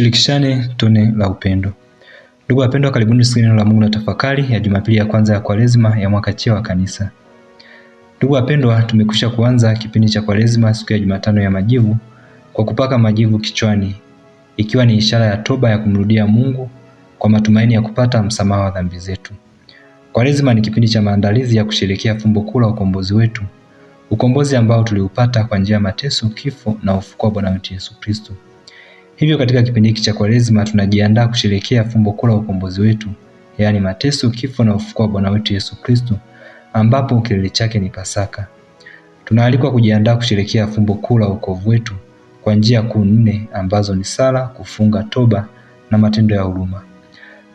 tushirikishane tone la upendo. Ndugu wapendwa, karibuni tusikie neno la Mungu na tafakari ya Jumapili ya kwanza ya Kwaresima ya mwaka C wa Kanisa. Ndugu wapendwa, tumekwisha kuanza kipindi cha Kwaresima siku ya Jumatano ya Majivu kwa kupaka majivu kichwani, ikiwa ni ishara ya toba ya kumrudia Mungu kwa matumaini ya kupata msamaha wa dhambi zetu. Kwaresima ni kipindi cha maandalizi ya kusherekea fumbo kuu la ukombozi wetu, ukombozi ambao tuliupata kwa njia ya mateso, kifo na ufufuo wa Bwana wetu Yesu Kristo. Hivyo katika kipindi hiki cha Kwaresima tunajiandaa kusherekea fumbo kuu la ukombozi wetu, yaani mateso, kifo na ufufuo wa Bwana wetu Yesu Kristo, ambapo kilele chake ni Pasaka. Tunaalikwa kujiandaa kusherekea fumbo kuu la wokovu wetu kwa njia kuu nne ambazo ni sala, kufunga, toba na matendo ya huruma.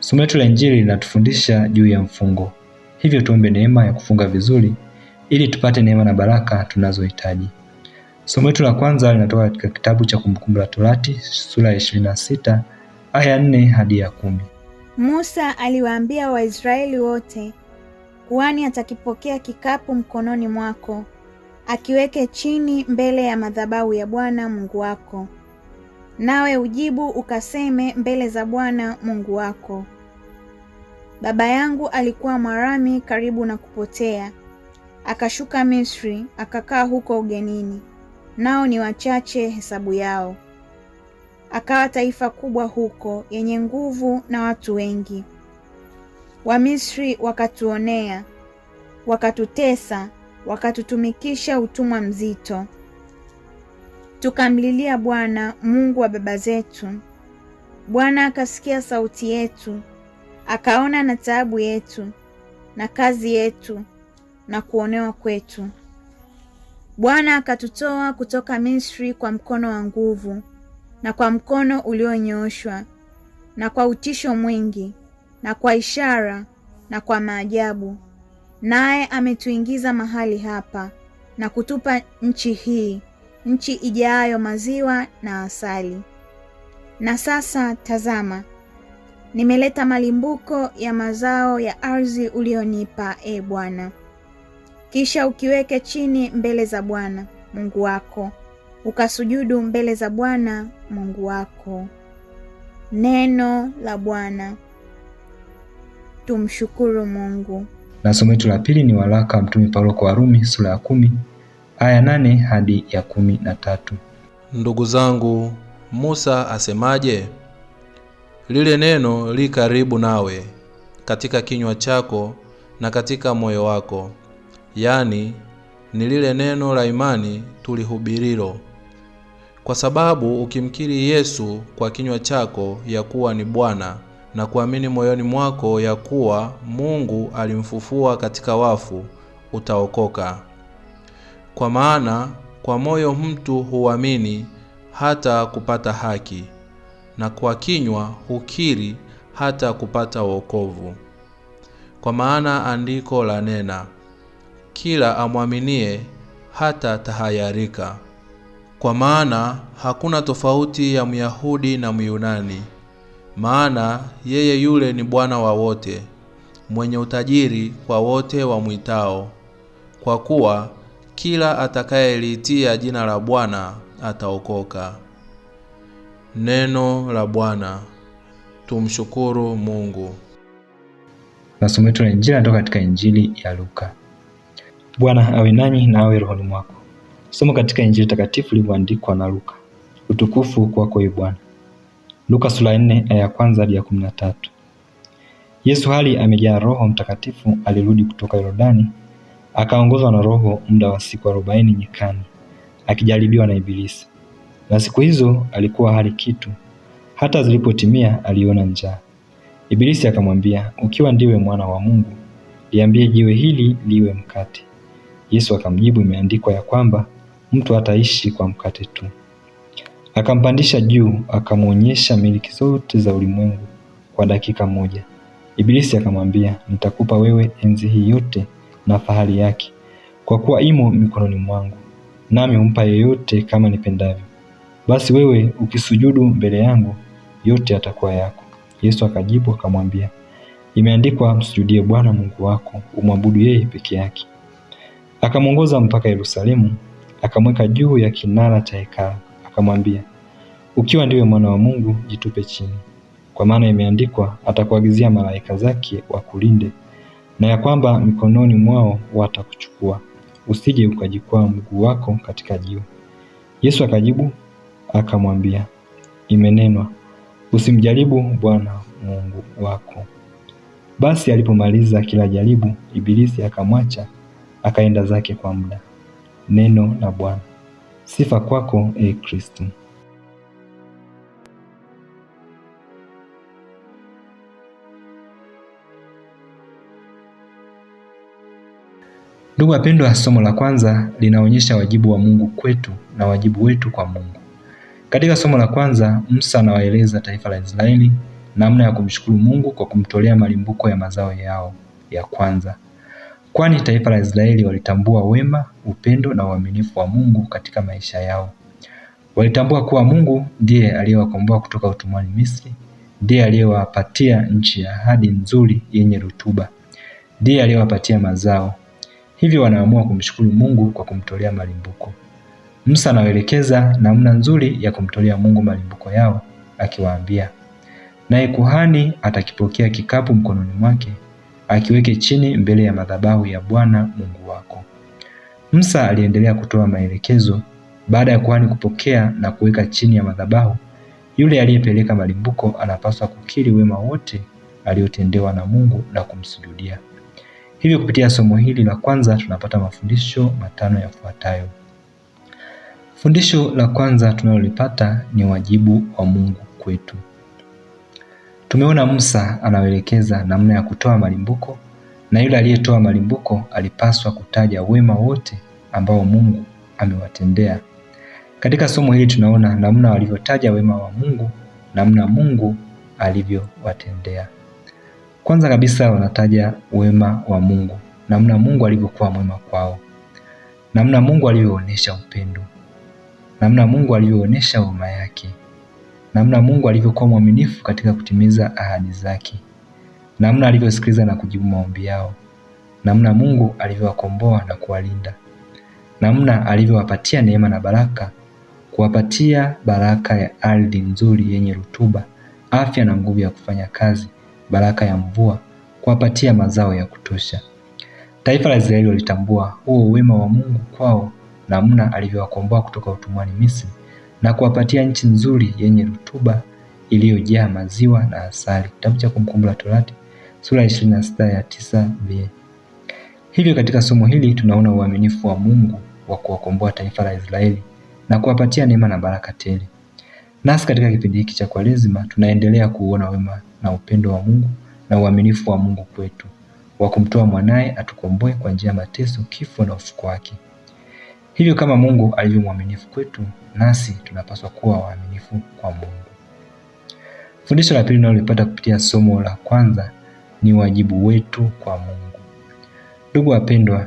Somo letu la Injili linatufundisha juu ya mfungo, hivyo tuombe neema ya kufunga vizuri ili tupate neema na baraka tunazohitaji. Somo letu la kwanza linatoka katika kitabu cha Kumbukumbu la Torati sura ya 26 aya 4 hadi ya kumi. Musa aliwaambia Waisraeli wote, kuhani atakipokea kikapu mkononi mwako, akiweke chini mbele ya madhabahu ya Bwana Mungu wako, nawe ujibu ukaseme mbele za Bwana Mungu wako, baba yangu alikuwa Mwarami karibu na kupotea, akashuka Misri, akakaa huko ugenini nao ni wachache hesabu yao. Akawa taifa kubwa huko, yenye nguvu na watu wengi. Wamisri wakatuonea, wakatutesa, wakatutumikisha utumwa mzito. Tukamlilia Bwana Mungu wa baba zetu. Bwana akasikia sauti yetu, akaona na taabu yetu na kazi yetu na kuonewa kwetu. Bwana akatutoa kutoka Misri kwa mkono wa nguvu na kwa mkono ulionyooshwa na kwa utisho mwingi na kwa ishara na kwa maajabu, naye ametuingiza mahali hapa na kutupa nchi hii, nchi ijayo maziwa na asali. Na sasa tazama, nimeleta malimbuko ya mazao ya ardhi ulionipa, e Bwana. Kisha ukiweke chini mbele za Bwana Mungu wako, ukasujudu mbele za Bwana Mungu wako. Neno la Bwana. Tumshukuru Mungu. Na somo letu la pili ni waraka wa Mtume Paulo kwa Warumi sura ya kumi aya nane hadi ya kumi na tatu. Ndugu zangu, Musa asemaje? Lile neno li karibu nawe katika kinywa chako na katika moyo wako, yaani ni lile neno la imani tulihubirilo. Kwa sababu ukimkiri Yesu kwa kinywa chako ya kuwa ni Bwana na kuamini moyoni mwako ya kuwa Mungu alimfufua katika wafu, utaokoka. Kwa maana kwa moyo mtu huamini hata kupata haki, na kwa kinywa hukiri hata kupata wokovu. Kwa maana andiko la nena kila amwaminie hata tahayarika, kwa maana hakuna tofauti ya Myahudi na Myunani, maana yeye yule ni Bwana wa wote, mwenye utajiri kwa wote wamwitao, kwa kuwa kila atakayeliitia jina la Bwana ataokoka. Neno la Bwana. Tumshukuru Mungu. Masomo yetu Injili katika Injili ya Luka. Bwana awe nanyi na awe rohoni mwako. Somo katika Injili takatifu lilivyoandikwa na Luka. Utukufu kwako e Bwana. Luka sura ya 4 aya ya kwanza hadi ya tatu. Yesu hali amejaa Roho Mtakatifu alirudi kutoka Yordani akaongozwa na Roho muda wa siku arobaini nyikani akijaribiwa na Ibilisi. Na siku hizo alikuwa hali kitu, hata zilipotimia aliona njaa. Ibilisi akamwambia, ukiwa ndiwe mwana wa Mungu, liambie jiwe hili liwe mkate. Yesu akamjibu, imeandikwa ya kwamba mtu ataishi kwa mkate tu. Akampandisha juu, akamwonyesha miliki zote za ulimwengu kwa dakika moja. Ibilisi akamwambia, nitakupa wewe enzi hii yote na fahari yake, kwa kuwa imo mikononi mwangu, nami humpa yeyote kama nipendavyo. Basi wewe ukisujudu mbele yangu, yote yatakuwa yako. Yesu akajibu akamwambia, imeandikwa, msujudie Bwana Mungu wako, umwabudu yeye peke yake. Akamwongoza mpaka Yerusalemu, akamweka juu ya kinara cha hekalu, akamwambia, ukiwa ndiwe mwana wa Mungu, jitupe chini, kwa maana imeandikwa, atakuagizia malaika zake wakulinde, na ya kwamba mikononi mwao watakuchukua, usije ukajikwaa mguu wako katika jiwe. Yesu akajibu akamwambia, imenenwa, usimjaribu Bwana Mungu wako. Basi alipomaliza kila jaribu, Ibilisi akamwacha akaenda zake kwa muda. Neno la Bwana. Sifa kwako e Kristo. Ndugu wapendwa, somo la kwanza linaonyesha wajibu wa Mungu kwetu na wajibu wetu kwa Mungu. Katika somo la kwanza, Musa anawaeleza taifa la Israeli namna ya kumshukuru Mungu kwa kumtolea malimbuko ya mazao yao ya kwanza. Kwani taifa la Israeli walitambua wema, upendo na uaminifu wa Mungu katika maisha yao. Walitambua kuwa Mungu ndiye aliyewakomboa kutoka utumwani Misri, ndiye aliyewapatia nchi ya ahadi nzuri yenye rutuba, ndiye aliyewapatia mazao. Hivyo wanaamua kumshukuru Mungu kwa kumtolea malimbuko. Musa anawaelekeza namna nzuri ya kumtolea Mungu malimbuko yao, akiwaambia, naye kuhani atakipokea kikapu mkononi mwake akiweke chini mbele ya madhabahu ya Bwana Mungu wako. Musa aliendelea kutoa maelekezo. Baada ya kuhani kupokea na kuweka chini ya madhabahu, yule aliyepeleka malimbuko anapaswa kukiri wema wote aliyotendewa na Mungu na kumsujudia. Hivyo, kupitia somo hili la kwanza tunapata mafundisho matano yafuatayo. Fundisho la kwanza tunalolipata ni wajibu wa Mungu kwetu. Tumeona Musa anawelekeza namna ya kutoa malimbuko, na yule aliyetoa malimbuko alipaswa kutaja wema wote ambao Mungu amewatendea. Katika somo hili tunaona namna walivyotaja wema wa Mungu, namna Mungu alivyowatendea. Kwanza kabisa wanataja wema wa Mungu, namna Mungu alivyokuwa mwema kwao, namna Mungu alivyoonyesha upendo, namna Mungu alivyoonyesha huruma yake, namna Mungu alivyokuwa mwaminifu katika kutimiza ahadi zake, namna alivyosikiliza na kujibu maombi yao, namna Mungu alivyowakomboa na kuwalinda, namna alivyowapatia neema na baraka, kuwapatia baraka ya ardhi nzuri yenye rutuba, afya na nguvu ya kufanya kazi, baraka ya mvua, kuwapatia mazao ya kutosha. Taifa la Israeli walitambua huo wema wa Mungu kwao, namna alivyowakomboa kutoka utumwani Misri na kuwapatia nchi nzuri yenye rutuba iliyojaa maziwa na asali. Kitabu cha Kumbukumbu la Torati sura ya 26 ya 9b. Hivyo katika somo hili tunaona uaminifu wa Mungu wa kuwakomboa taifa la Israeli na kuwapatia neema na baraka tele. Nasi katika kipindi hiki cha Kwaresima tunaendelea kuuona wema na upendo wa Mungu na uaminifu wa Mungu kwetu wa kumtoa mwanaye atukomboe kwa njia ya mateso, kifo na ufuko wake. Hivyo kama Mungu alivyo mwaminifu kwetu, nasi tunapaswa kuwa waaminifu kwa Mungu. Fundisho la pili unalolipata kupitia somo la kwanza ni wajibu wetu kwa Mungu. Ndugu wapendwa,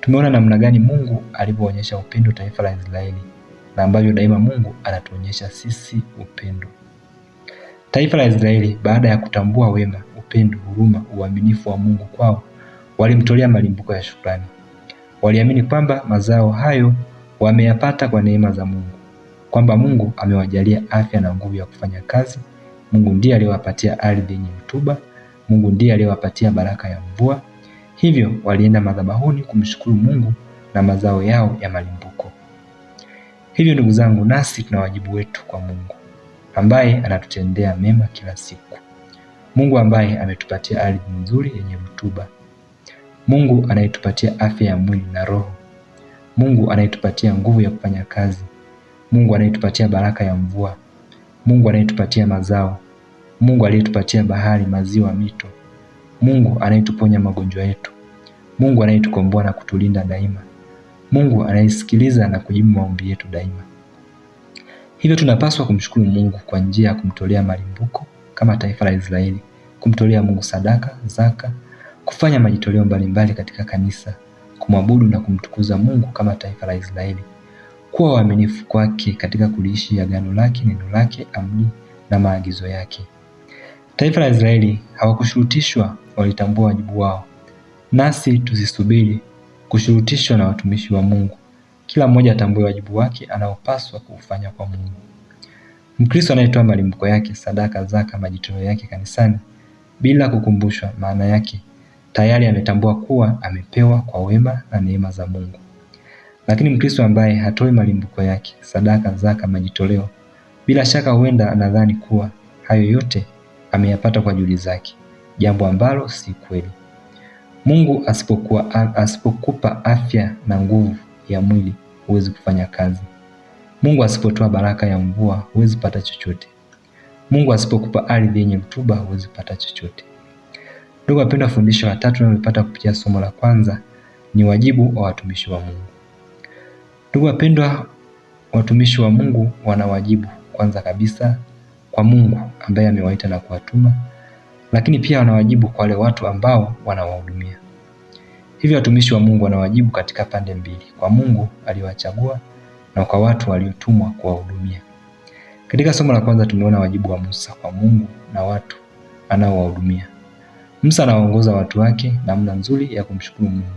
tumeona namna gani Mungu alivyoonyesha upendo taifa la Israeli na ambavyo daima Mungu anatuonyesha sisi upendo. Taifa la Israeli baada ya kutambua wema, upendo, huruma, uaminifu wa Mungu kwao, walimtolea malimbuko ya shukrani waliamini kwamba mazao hayo wameyapata kwa neema za Mungu, kwamba Mungu amewajalia afya na nguvu ya kufanya kazi. Mungu ndiye aliyewapatia ardhi yenye rutuba, Mungu ndiye aliyewapatia baraka ya mvua. Hivyo walienda madhabahuni kumshukuru Mungu na mazao yao ya malimbuko. Hivyo ndugu zangu, nasi tuna wajibu wetu kwa Mungu ambaye anatutendea mema kila siku, Mungu ambaye ametupatia ardhi nzuri yenye rutuba Mungu anayetupatia afya ya mwili na roho, Mungu anayetupatia nguvu ya kufanya kazi, Mungu anayetupatia baraka ya mvua, Mungu anayetupatia mazao, Mungu aliyetupatia bahari, maziwa, mito, Mungu anayetuponya magonjwa yetu, Mungu anayetukomboa na kutulinda daima, Mungu anayesikiliza na kujibu maombi yetu daima. Hivyo tunapaswa kumshukuru Mungu kwa njia ya kumtolea malimbuko kama taifa la Israeli, kumtolea Mungu sadaka, zaka kufanya majitoleo mbalimbali katika kanisa, kumwabudu na kumtukuza Mungu kama taifa la Israeli, kuwa waaminifu kwake katika kuliishi agano lake, neno lake, amri na maagizo yake. Taifa la Israeli hawakushurutishwa, walitambua wajibu wao. Nasi tusisubiri kushurutishwa na watumishi wa Mungu. Kila mmoja atambue wajibu wake anaopaswa kuufanya kwa Mungu. Mkristo anayetoa malimbuko yake, sadaka, zaka, majitoleo yake kanisani bila kukumbushwa maana yake tayari ametambua kuwa amepewa kwa wema na neema za Mungu. Lakini Mkristo ambaye hatoi malimbuko yake, sadaka, zaka, majitoleo, bila shaka huenda anadhani kuwa hayo yote ameyapata kwa juhudi zake, jambo ambalo si kweli. Mungu asipokuwa asipokupa afya na nguvu ya mwili huwezi kufanya kazi. Mungu asipotoa baraka ya mvua huwezi pata chochote. Mungu asipokupa ardhi yenye rutuba huwezi pata chochote. Ndugu wapendwa, fundisho la tatu tunalopata kupitia somo la kwanza ni wajibu wa watumishi wa Mungu. Ndugu wapendwa, watumishi wa Mungu wana wajibu kwanza kabisa kwa Mungu ambaye amewaita na kuwatuma, lakini pia wana wajibu kwa wale watu ambao wanawahudumia. Hivyo watumishi wa Mungu wana wajibu katika pande mbili, kwa Mungu aliyowachagua na kwa watu waliotumwa kuwahudumia. Katika somo la kwanza tumeona wajibu wa Musa kwa Mungu na watu anaowahudumia. Musa anawaongoza watu wake namna nzuri ya kumshukuru Mungu,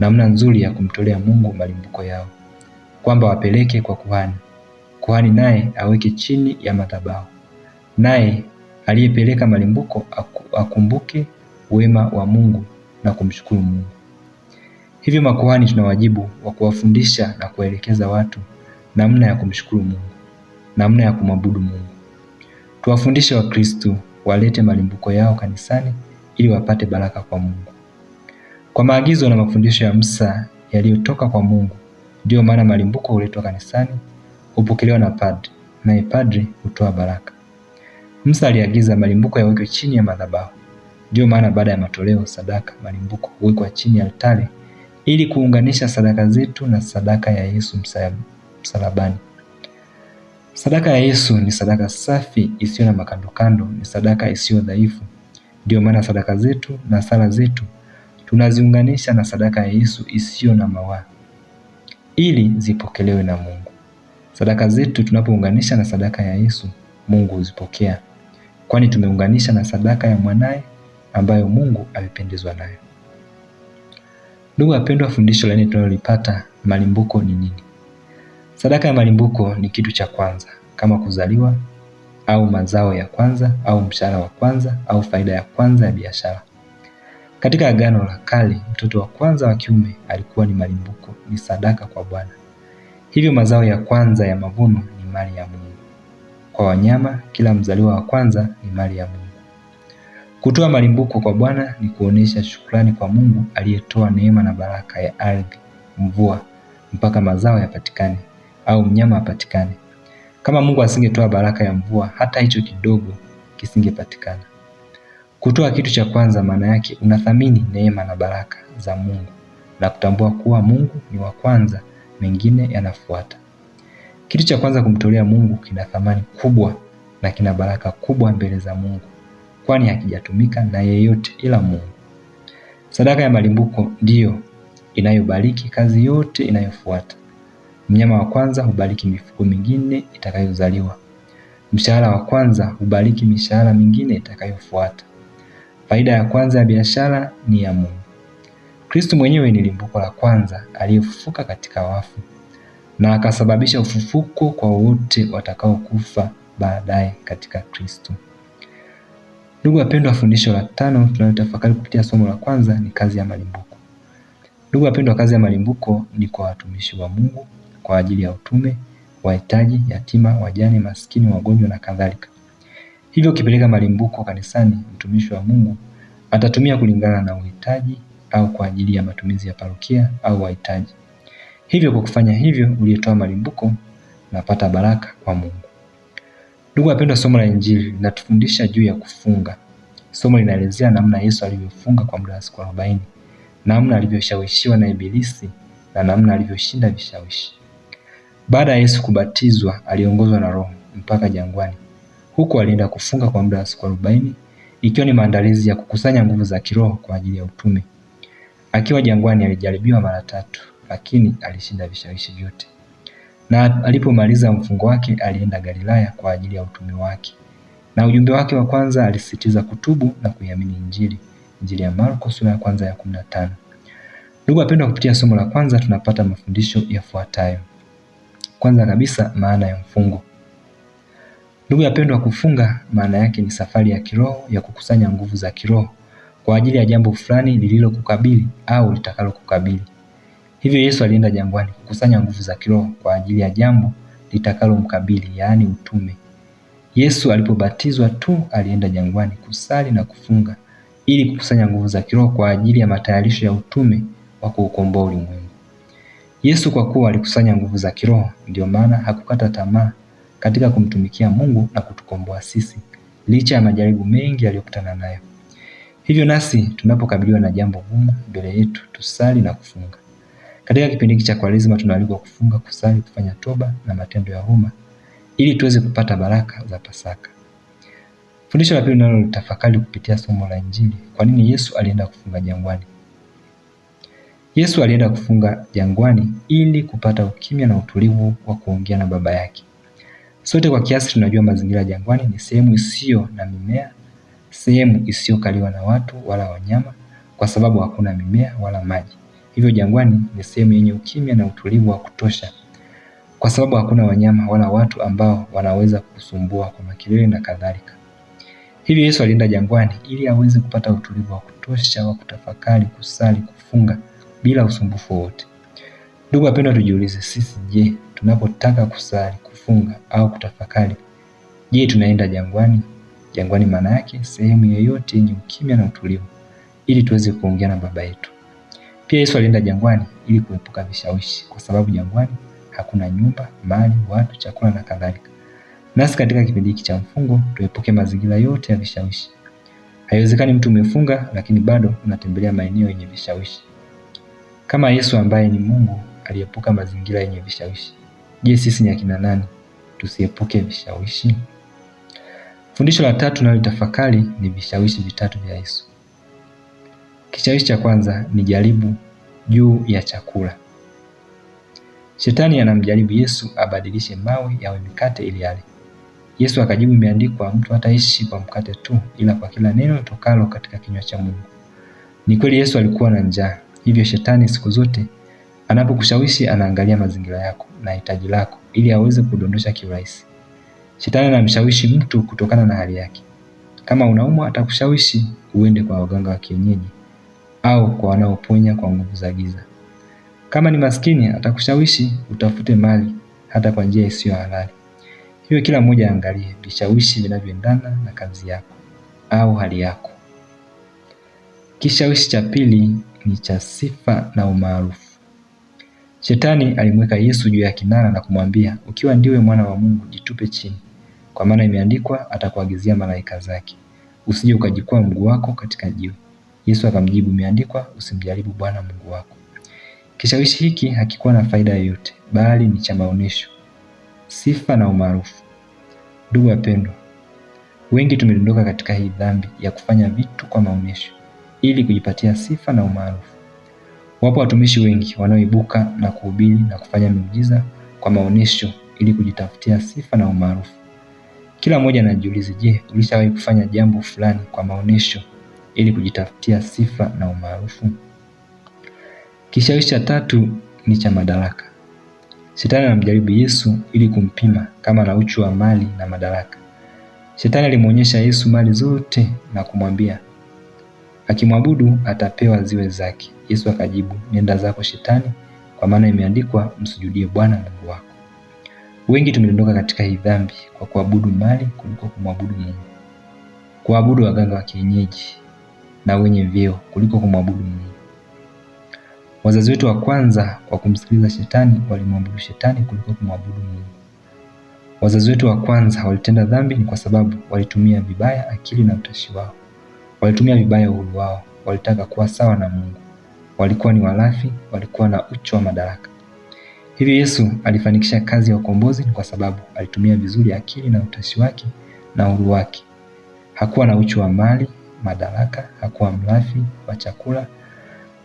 namna nzuri ya kumtolea Mungu malimbuko yao, kwamba wapeleke kwa kuhani, kuhani naye aweke chini ya madhabahu, naye aliyepeleka malimbuko akumbuke wema wa Mungu na kumshukuru Mungu. Hivyo makuhani tuna wajibu wa kuwafundisha na kuwaelekeza watu namna ya kumshukuru Mungu, namna ya kumwabudu Mungu. Tuwafundishe Wakristo walete malimbuko yao kanisani ili wapate baraka kwa Mungu. Kwa maagizo na mafundisho ya Musa yaliyotoka kwa Mungu, ndiyo maana malimbuko huletwa kanisani, hupokelewa na padri, naye padri hutoa baraka. Musa aliagiza malimbuko yawekwe chini ya madhabahu. Ndiyo maana baada ya matoleo sadaka, malimbuko huwekwa chini ya altari ili kuunganisha sadaka zetu na sadaka ya Yesu msalabani. Sadaka ya Yesu ni sadaka safi isiyo na makandokando, ni sadaka isiyo dhaifu, ndio maana sadaka zetu na sala zetu tunaziunganisha na sadaka ya Yesu isiyo na mawaa ili zipokelewe na Mungu. Sadaka zetu tunapounganisha na sadaka ya Yesu, Mungu huzipokea, kwani tumeunganisha na sadaka ya mwanaye ambayo Mungu amependezwa nayo. Ndugu apendwa fundisho la nne tunalolipata malimbuko ni nini? Sadaka ya malimbuko ni kitu cha kwanza kama kuzaliwa au mazao ya kwanza au mshahara wa kwanza au faida ya kwanza ya biashara. Katika Agano la Kale, mtoto wa kwanza wa kiume alikuwa ni malimbuko, ni sadaka kwa Bwana. Hivyo mazao ya kwanza ya mavuno ni mali ya Mungu. Kwa wanyama, kila mzaliwa wa kwanza ni mali ya Mungu. Kutoa malimbuko kwa Bwana ni kuonesha shukrani kwa Mungu aliyetoa neema na baraka ya ardhi, mvua, mpaka mazao yapatikane au mnyama apatikane. Kama Mungu asingetoa baraka ya mvua, hata hicho kidogo kisingepatikana. Kutoa kitu cha kwanza, maana yake unathamini neema na baraka za Mungu na kutambua kuwa Mungu ni wa kwanza, mengine yanafuata. Kitu cha kwanza kumtolea Mungu kina thamani kubwa na kina baraka kubwa mbele za Mungu, kwani hakijatumika na yeyote ila Mungu. Sadaka ya malimbuko ndiyo inayobariki kazi yote inayofuata. Mnyama wa kwanza hubariki mifugo mingine itakayozaliwa. Mshahara wa kwanza hubariki mishahara mingine itakayofuata. Faida ya kwanza ya biashara ni ya Mungu. Kristo mwenyewe ni limbuko la kwanza aliyefufuka katika wafu na akasababisha ufufuko kwa wote watakaokufa baadaye katika Kristo. Ndugu wapendwa, fundisho la tano tunalotafakari kupitia somo la kwanza ni kazi ya malimbuko. Ndugu wapendwa, kazi ya malimbuko ni kwa watumishi wa Mungu kwa ajili ya utume, wahitaji, yatima, wajane, maskini, wagonjwa na kadhalika. Hivyo ukipeleka malimbuko kanisani, mtumishi wa Mungu atatumia kulingana na uhitaji au kwa ajili ya matumizi ya parokia au wahitaji. Hivyo kwa kufanya hivyo, uliyetoa malimbuko napata baraka kwa Mungu. Ndugu wapendwa, somo la Injili linatufundisha juu ya kufunga. Somo linaelezea namna Yesu alivyofunga kwa muda wa siku arobaini, namna alivyoshawishiwa na Ibilisi na namna alivyoshinda vishawishi. Baada ya Yesu kubatizwa, aliongozwa na Roho mpaka jangwani. Huko alienda kufunga kwa muda wa siku arobaini, ikiwa ni maandalizi ya kukusanya nguvu za kiroho kwa ajili ya utume. Akiwa jangwani alijaribiwa mara tatu, lakini alishinda vishawishi vyote, na alipomaliza mfungo wake alienda Galilaya kwa ajili ya utume wake. Na ujumbe wake wa kwanza alisisitiza kutubu na kuiamini Injili, Injili ya Marko sura ya kwanza ya 15. Ndugu wapendwa, kupitia somo la kwanza tunapata mafundisho yafuatayo. Kwanza kabisa, maana ya mfungo. Ndugu yapendwa, kufunga maana yake ni safari ya kiroho ya kukusanya nguvu za kiroho kwa ajili ya jambo fulani lililokukabili au litakalokukabili. Hivyo Yesu alienda jangwani kukusanya nguvu za kiroho kwa ajili ya jambo litakalomkabili, yaani utume. Yesu alipobatizwa tu alienda jangwani kusali na kufunga ili kukusanya nguvu za kiroho kwa ajili ya matayarisho ya utume wa kuukomboa ulimwengu. Yesu kwa kuwa alikusanya nguvu za kiroho, ndio maana hakukata tamaa katika kumtumikia Mungu na kutukomboa sisi licha ya majaribu mengi aliyokutana nayo. Hivyo nasi tunapokabiliwa na jambo gumu mbele yetu, tusali na kufunga. Katika kipindi hiki cha Kwaresima tunaalikwa kufunga, kusali, kufanya toba na matendo ya huruma ili tuweze kupata baraka za Pasaka. Fundisho la pili nalo litafakari kupitia somo la Injili, kwa nini Yesu alienda kufunga jangwani? Yesu alienda kufunga jangwani ili kupata ukimya na utulivu wa kuongea na Baba yake. Sote kwa kiasi tunajua mazingira ya jangwani ni sehemu isiyo na mimea, sehemu isiyokaliwa na watu wala wanyama, kwa sababu hakuna mimea wala maji. Hivyo jangwani ni sehemu yenye ukimya na utulivu wa kutosha, kwa sababu hakuna wanyama wala watu ambao wanaweza kusumbua kwa makelele na kadhalika. Hivyo Yesu alienda jangwani ili aweze kupata utulivu wa kutosha wa kutafakari, kusali, kufunga bila usumbufu wote. Ndugu wapendwa, tujiulize sisi, je, tunapotaka kusali, kufunga au kutafakari, je, tunaenda jangwani? Jangwani maana yake sehemu yoyote yenye ukimya na utulivu, ili tuweze kuongea na baba yetu. Pia Yesu alienda jangwani ili kuepuka vishawishi, kwa sababu jangwani hakuna nyumba, mali, watu, chakula na kadhalika. Nasi katika kipindi hiki cha mfungo tuepuke mazingira yote ya vishawishi. Haiwezekani mtu umefunga lakini bado unatembelea maeneo yenye vishawishi. Kama Yesu ambaye ni Mungu aliepuka mazingira yenye vishawishi, je, sisi ni akina nani tusiepuke vishawishi? Fundisho la tatu nalotafakari ni vishawishi vitatu vya Yesu. Kishawishi cha kwanza ni jaribu juu ya chakula. Shetani anamjaribu Yesu abadilishe mawe yawe mikate ili yale. Yesu akajibu, imeandikwa, mtu hataishi kwa mkate tu, ila kwa kila neno tokalo katika kinywa cha Mungu. Ni kweli Yesu alikuwa na njaa, Hivyo shetani siku zote anapokushawishi anaangalia mazingira yako na hitaji lako ili aweze kudondosha kiurahisi. Shetani anamshawishi mtu kutokana na hali yake. Kama unaumwa, atakushawishi uende kwa waganga wa kienyeji au kwa wanaoponya kwa nguvu za giza. Kama ni maskini, atakushawishi utafute mali hata kwa njia isiyo halali. Hivyo kila mmoja aangalie vishawishi vinavyoendana na kazi yako au hali yako. Kishawishi cha pili ni cha sifa na umaarufu. Shetani alimweka Yesu juu ya kinara na kumwambia, ukiwa ndiwe mwana wa Mungu jitupe chini, kwa maana imeandikwa, atakuagizia malaika zake, usije ukajikwaa mguu wako katika jiwe. Yesu akamjibu, imeandikwa, usimjaribu Bwana Mungu wako. Kishawishi hiki hakikuwa na faida yoyote, bali ni cha maonesho sifa na umaarufu. Ndugu wapendwa, wengi tumedondoka katika hii dhambi ya kufanya vitu kwa maonesho ili kujipatia sifa na umaarufu. Wapo watumishi wengi wanaoibuka na kuhubiri na kufanya miujiza kwa maonesho ili kujitafutia sifa na umaarufu. Kila mmoja anajiuliza, je, ulishawahi kufanya jambo fulani kwa maonesho ili kujitafutia sifa na umaarufu? Kishawishi cha tatu ni cha madaraka. Shetani anamjaribu Yesu ili kumpima kama na uchu wa mali na madaraka. Shetani alimwonyesha Yesu mali zote na kumwambia, Akimwabudu atapewa ziwe zake. Yesu akajibu, nenda zako Shetani, kwa maana imeandikwa, msujudie Bwana Mungu wako. Wengi tumedondoka katika hii dhambi kwa kuabudu mali kuliko kumwabudu Mungu, kuabudu waganga wa kienyeji na wenye vyeo kuliko kumwabudu Mungu. Wazazi wetu wa kwanza kwa kumsikiliza Shetani walimwabudu Shetani kuliko kumwabudu Mungu. Wazazi wetu wa kwanza walitenda dhambi ni kwa sababu walitumia vibaya akili na utashi wao. Walitumia vibaya uhuru wao, walitaka kuwa sawa na Mungu, walikuwa ni walafi, walikuwa na uchu wa madaraka. Hivyo Yesu alifanikisha kazi ya ukombozi kwa sababu alitumia vizuri akili na utashi wake na uhuru wake. Hakuwa na uchu wa mali, madaraka, hakuwa mlafi wa chakula,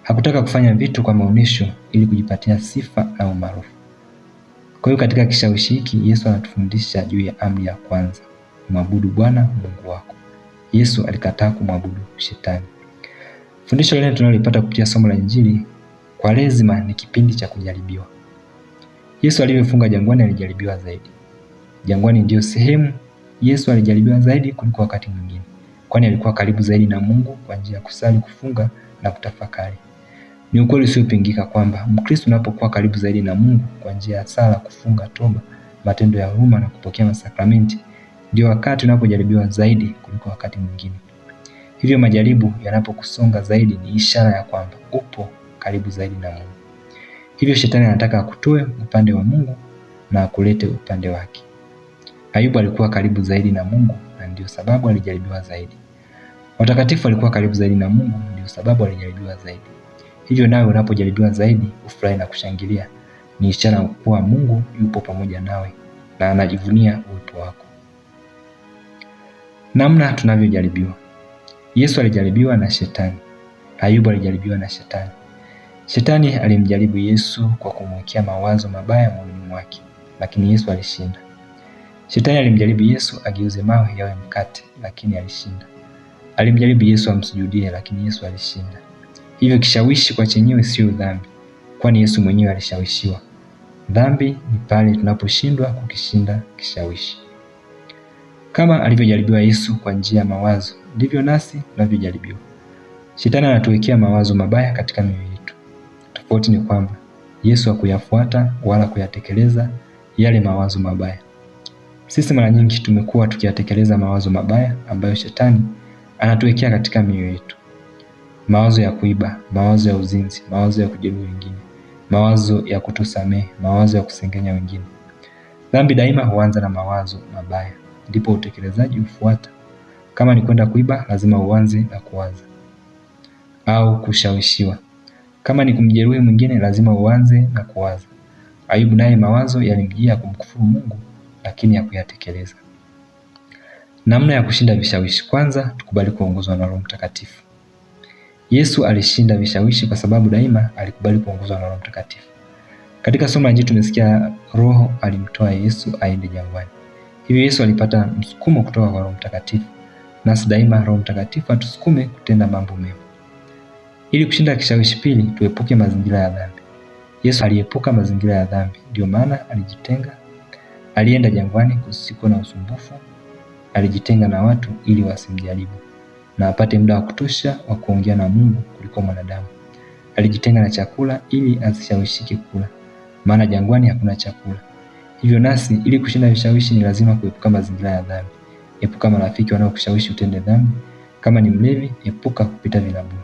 hakutaka kufanya vitu kwa maonesho ili kujipatia sifa au maarufu. Kwa hiyo katika kishawishi hiki Yesu anatufundisha juu ya amri ya kwanza, mwabudu Bwana Mungu wako. Yesu alikataa kumwabudu Shetani. Fundisho lile tunalipata kupitia somo la Injili, Kwaresima ni kipindi cha kujaribiwa. Yesu alivyofunga jangwani alijaribiwa zaidi. Jangwani ndiyo sehemu Yesu alijaribiwa zaidi kuliko wakati mwingine, kwani alikuwa karibu zaidi na Mungu kwa njia ya kusali, kufunga na kutafakari. Ni ukweli usiopingika kwamba Mkristo unapokuwa karibu zaidi na Mungu kwa njia ya sala, kufunga, toba, matendo ya huruma na kupokea masakramenti, ndio wakati unapojaribiwa zaidi kuliko wakati mwingine. Hivyo majaribu yanapokusonga zaidi ni ishara ya kwamba upo karibu zaidi na Mungu. Hivyo shetani anataka akutoe upande wa Mungu na akulete upande wake. Ayubu alikuwa karibu zaidi na Mungu na ndio sababu alijaribiwa zaidi. Watakatifu walikuwa karibu zaidi na Mungu ndio sababu alijaribiwa zaidi. Hivyo nawe unapojaribiwa zaidi, ufurahi na kushangilia, ni ishara kuwa Mungu yupo pamoja nawe na anajivunia uwepo wako namna tunavyojaribiwa. Yesu alijaribiwa na shetani, Ayubu alijaribiwa na shetani. Shetani alimjaribu Yesu kwa kumwekea mawazo mabaya moyoni mwake, lakini Yesu alishinda. Shetani alimjaribu Yesu ageuze mawe yawe mkate, lakini alishinda. Alimjaribu Yesu amsujudie, lakini Yesu alishinda. Hivyo kishawishi kwa chenyewe sio dhambi, kwani Yesu mwenyewe alishawishiwa. Dhambi ni pale tunaposhindwa kukishinda kishawishi. Kama alivyojaribiwa Yesu kwa njia ya mawazo, ndivyo nasi tunavyojaribiwa. Shetani anatuwekea mawazo mabaya katika mioyo yetu. Tofauti ni kwamba Yesu hakuyafuata wala kuyatekeleza yale mawazo mabaya. Sisi mara nyingi tumekuwa tukiyatekeleza mawazo mabaya ambayo shetani anatuwekea katika mioyo yetu: mawazo ya kuiba, mawazo ya uzinzi, mawazo ya kujeruhi wengine, mawazo ya kutosamehe, mawazo ya kusengenya wengine. Dhambi daima huanza na mawazo mabaya ndipo utekelezaji hufuata. Kama ni kwenda kuiba, lazima uanze na kuwaza. Au kushawishiwa, kama ni kumjeruhi mwingine, lazima uanze na kuwaza. Ayubu naye mawazo yalimjia kumkufuru Mungu, lakini kuyatekeleza. Namna ya kushinda vishawishi. Kwanza, tukubali kuongozwa na Roho Mtakatifu. Yesu alishinda vishawishi kwa sababu daima alikubali kuongozwa na Roho Mtakatifu. Katika somo la injili tumesikia Roho alimtoa Yesu aende jangwani. Hivyo Yesu alipata msukumo kutoka kwa Roho Mtakatifu, nasi daima Roho Mtakatifu atusukume kutenda mambo mema. Ili kushinda kishawishi pili, tuepuke mazingira ya dhambi. Yesu aliepuka mazingira ya dhambi, ndio maana alijitenga, alienda jangwani kusiko na usumbufu, alijitenga na watu ili wasimjaribu na apate muda wa kutosha wa kuongea na Mungu kuliko mwanadamu. Alijitenga na chakula ili asishawishike kula, maana jangwani hakuna chakula. Hivyo nasi, ili kushinda vishawishi ni lazima kuepuka mazingira ya dhambi. Epuka marafiki wanaokushawishi utende dhambi. Kama ni mlevi, epuka kupita vilabuni.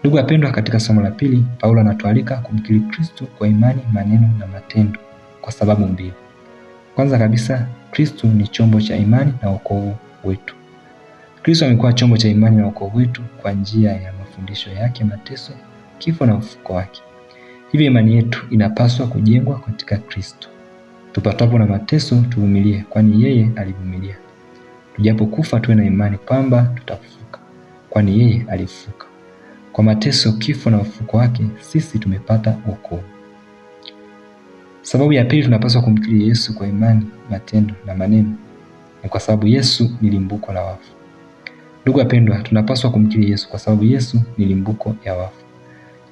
Ndugu wapendwa, katika somo la pili, Paulo anatualika kumkiri Kristo kwa imani, maneno na matendo kwa sababu mbili. Kwanza kabisa, Kristo ni chombo cha imani na wokovu wetu. Kristo amekuwa chombo cha imani na wokovu wetu kwa njia ya mafundisho yake, mateso, kifo na ufufuko wake. Hivyo imani yetu inapaswa kujengwa katika Kristo. Tupatwapo na mateso tuvumilie, kwani yeye alivumilia. tujapo kufa tuwe na imani kwamba tutafufuka, kwani yeye alifufuka. Kwa mateso, kifo na ufufuko wake sisi tumepata wokovu. Sababu ya pili, tunapaswa kumkiri Yesu kwa imani, matendo na maneno. Ni kwa sababu Yesu ni limbuko la wafu. Ndugu wapendwa, tunapaswa kumkiri Yesu kwa sababu Yesu ni limbuko ya wafu.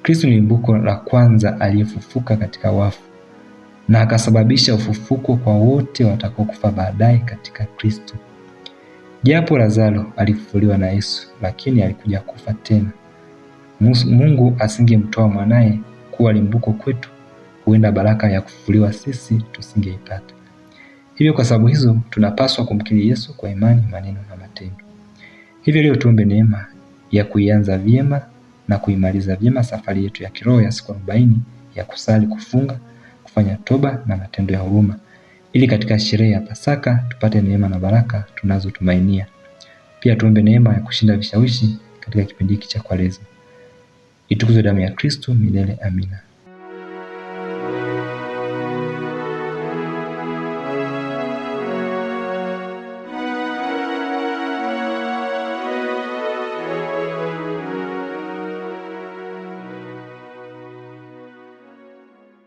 Kristo ni limbuko la kwanza aliyefufuka katika wafu na akasababisha ufufuko kwa wote watakaokufa baadaye katika Kristo. Japo Lazaro alifufuliwa na Yesu, lakini alikuja kufa tena. Mungu asingemtoa mwanaye kuwa limbuko kwetu, huenda baraka ya kufufuliwa sisi tusingeipata. Hivyo kwa sababu hizo tunapaswa kumkiri Yesu kwa imani, maneno na matendo. Hivyo leo tuombe neema ya kuianza vyema na kuimaliza vyema safari yetu ya kiroho ya siku arobaini ya kusali, kufunga kufanya toba na matendo ya huruma, ili katika sherehe ya Pasaka tupate neema na baraka tunazotumainia. Pia tuombe neema ya kushinda vishawishi katika kipindi hiki cha Kwaresma. Itukuzwe damu ya Kristo milele! Amina.